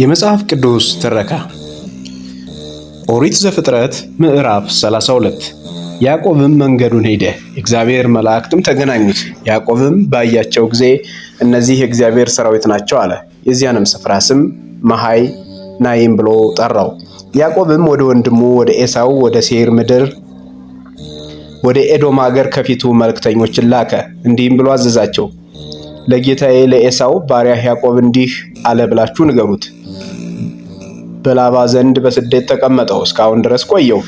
የመጽሐፍ ቅዱስ ትረካ ኦሪት ዘፍጥረት ምዕራፍ 32 ያዕቆብም መንገዱን ሄደ፣ እግዚአብሔር መላእክትም ተገናኙት። ያዕቆብም ባያቸው ጊዜ እነዚህ የእግዚአብሔር ሰራዊት ናቸው አለ። የዚያንም ስፍራ ስም መሃይ ናይም ብሎ ጠራው። ያዕቆብም ወደ ወንድሙ ወደ ኤሳው ወደ ሴይር ምድር ወደ ኤዶም አገር ከፊቱ መልእክተኞችን ላከ። እንዲህም ብሎ አዘዛቸው ለጌታዬ ለኤሳው ባሪያህ ያዕቆብ እንዲህ አለ ብላችሁ ንገሩት። በላባ ዘንድ በስደት ተቀመጠው እስካሁን ድረስ ቆየው።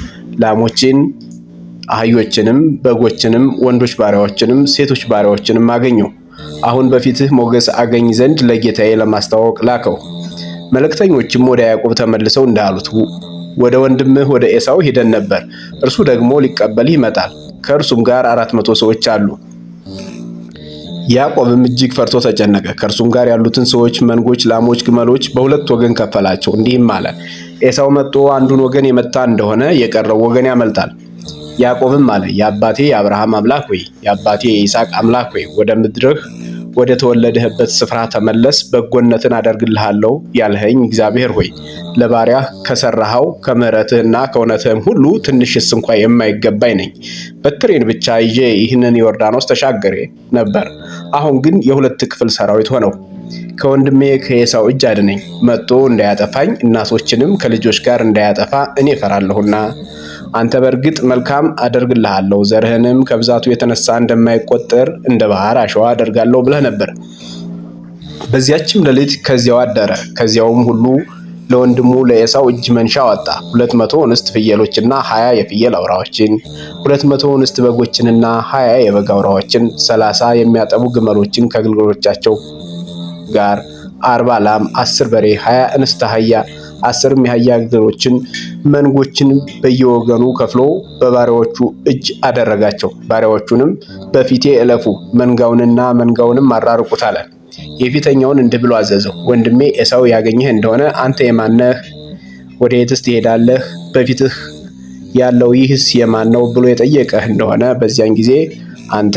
ላሞችን፣ አህዮችንም፣ በጎችንም፣ ወንዶች ባሪያዎችንም፣ ሴቶች ባሪያዎችንም አገኘው። አሁን በፊትህ ሞገስ አገኝ ዘንድ ለጌታዬ ለማስታወቅ ላከው። መልእክተኞችም ወደ ያዕቆብ ተመልሰው እንዳሉት ወደ ወንድምህ ወደ ኤሳው ሄደን ነበር፣ እርሱ ደግሞ ሊቀበልህ ይመጣል፣ ከእርሱም ጋር አራት መቶ ሰዎች አሉ ያዕቆብም እጅግ ፈርቶ ተጨነቀ። ከእርሱም ጋር ያሉትን ሰዎች፣ መንጎች፣ ላሞች፣ ግመሎች በሁለት ወገን ከፈላቸው። እንዲህም አለ፣ ኤሳው መጥቶ አንዱን ወገን የመታ እንደሆነ የቀረው ወገን ያመልጣል። ያዕቆብም አለ፣ የአባቴ የአብርሃም አምላክ ወይ የአባቴ የይስሐቅ አምላክ ወይ ወደ ምድርህ ወደ ተወለደህበት ስፍራ ተመለስ፣ በጎነትን አደርግልሃለሁ ያልኸኝ እግዚአብሔር ሆይ ለባሪያህ ከሰራኸው ከምሕረትህና ከእውነትህም ሁሉ ትንሽስ እንኳ የማይገባኝ ነኝ። በትሬን ብቻ ይዤ ይህንን ዮርዳኖስ ተሻገሬ ነበር አሁን ግን የሁለት ክፍል ሰራዊት ሆነው ከወንድሜ ከኤሳው እጅ አድነኝ፣ መጥቶ እንዳያጠፋኝ፣ እናቶችንም ከልጆች ጋር እንዳያጠፋ እኔ እፈራለሁና። አንተ በእርግጥ መልካም አደርግልሃለሁ፣ ዘርህንም ከብዛቱ የተነሳ እንደማይቆጠር እንደ ባህር አሸዋ አደርጋለሁ ብለህ ነበር። በዚያችም ሌሊት ከዚያው አደረ። ከዚያውም ሁሉ ለወንድሙ ለኤሳው እጅ መንሻ ወጣ። ሁለት መቶ እንስት ፍየሎችና ሀያ የፍየል አውራዎችን፣ ሁለት መቶ እንስት በጎችንና ሀያ የበግ አውራዎችን፣ ሰላሳ የሚያጠቡ ግመሎችን ከግልገሎቻቸው ጋር፣ አርባ ላም፣ አስር በሬ፣ ሀያ እንስት አህያ፣ አስርም የአህያ ግልገሎችን፣ መንጎችን በየወገኑ ከፍሎ በባሪያዎቹ እጅ አደረጋቸው። ባሪያዎቹንም በፊቴ እለፉ፣ መንጋውንና መንጋውንም አራርቁት አለ። የፊተኛውን እንዲህ ብሎ አዘዘው፣ ወንድሜ ኤሳው ያገኘህ እንደሆነ አንተ የማነህ? ወደ የትስ ትሄዳለህ? በፊትህ ያለው ይህስ የማን ነው ብሎ የጠየቀህ እንደሆነ በዚያን ጊዜ አንተ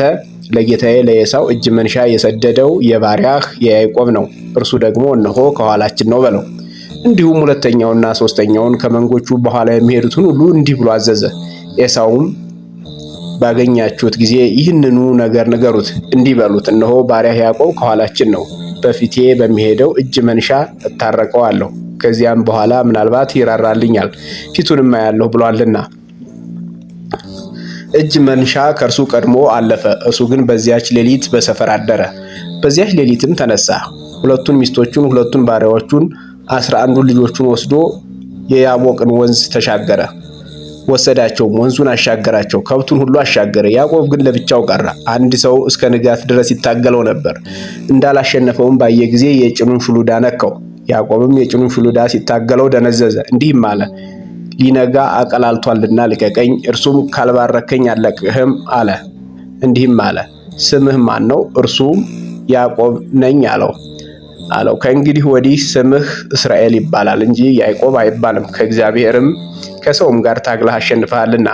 ለጌታዬ ለኤሳው እጅ መንሻ የሰደደው የባሪያህ የያዕቆብ ነው፣ እርሱ ደግሞ እነሆ ከኋላችን ነው በለው። እንዲሁም ሁለተኛውና ሶስተኛውን ከመንጎቹ በኋላ የሚሄዱትን ሁሉ እንዲህ ብሎ አዘዘ። ኤሳውም ባገኛችሁት ጊዜ ይህንኑ ነገር ንገሩት፣ እንዲህ በሉት፣ እነሆ ባሪያህ ያዕቆብ ከኋላችን ነው። በፊቴ በሚሄደው እጅ መንሻ እታረቀዋለሁ፣ ከዚያም በኋላ ምናልባት ይራራልኛል፣ ፊቱንም አያለሁ ብሏልና። እጅ መንሻ ከእርሱ ቀድሞ አለፈ፣ እርሱ ግን በዚያች ሌሊት በሰፈር አደረ። በዚያች ሌሊትም ተነሳ፣ ሁለቱን ሚስቶቹን፣ ሁለቱን ባሪያዎቹን፣ አስራ አንዱን ልጆቹን ወስዶ የያቦቅን ወንዝ ተሻገረ። ወሰዳቸው ወንዙን አሻገራቸው፣ ከብቱን ሁሉ አሻገረ። ያዕቆብ ግን ለብቻው ቀረ። አንድ ሰው እስከ ንጋት ድረስ ይታገለው ነበር። እንዳላሸነፈውም ባየ ጊዜ የጭኑን ሹሉዳ ነካው። ያዕቆብም የጭኑን ሹሉዳ ሲታገለው ደነዘዘ፣ እንዲህም አለ ሊነጋ አቀላልቷልና ልቀቀኝ። እርሱም ካልባረከኝ አለቅህም አለ። እንዲህም አለ ስምህ ማን ነው? እርሱም ያዕቆብ ነኝ አለው። አለው። ከእንግዲህ ወዲህ ስምህ እስራኤል ይባላል እንጂ ያዕቆብ አይባልም፣ ከእግዚአብሔርም ከሰውም ጋር ታግለህ አሸንፈሃልና።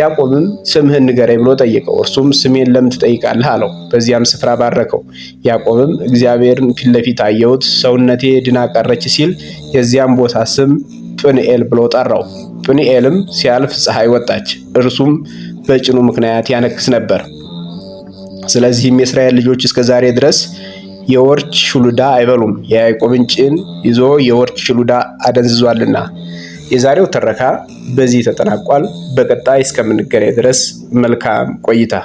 ያዕቆብም ስምህን ንገረኝ ብሎ ጠየቀው። እርሱም ስሜን ለምን ትጠይቃለህ አለው። በዚያም ስፍራ ባረከው። ያዕቆብም እግዚአብሔርን ፊት ለፊት አየሁት፣ ሰውነቴ ድና ቀረች ሲል የዚያም ቦታ ስም ጵንኤል ብሎ ጠራው። ጵንኤልም ሲያልፍ ፀሐይ ወጣች፣ እርሱም በጭኑ ምክንያት ያነክስ ነበር። ስለዚህም የእስራኤል ልጆች እስከ ዛሬ ድረስ የወርች ሹሉዳ አይበሉም፣ የያዕቆብን ጭን ይዞ የወርች ሹሉዳ አደንዝዟልና። የዛሬው ትረካ በዚህ ተጠናቋል። በቀጣይ እስከምንገናኝ ድረስ መልካም ቆይታ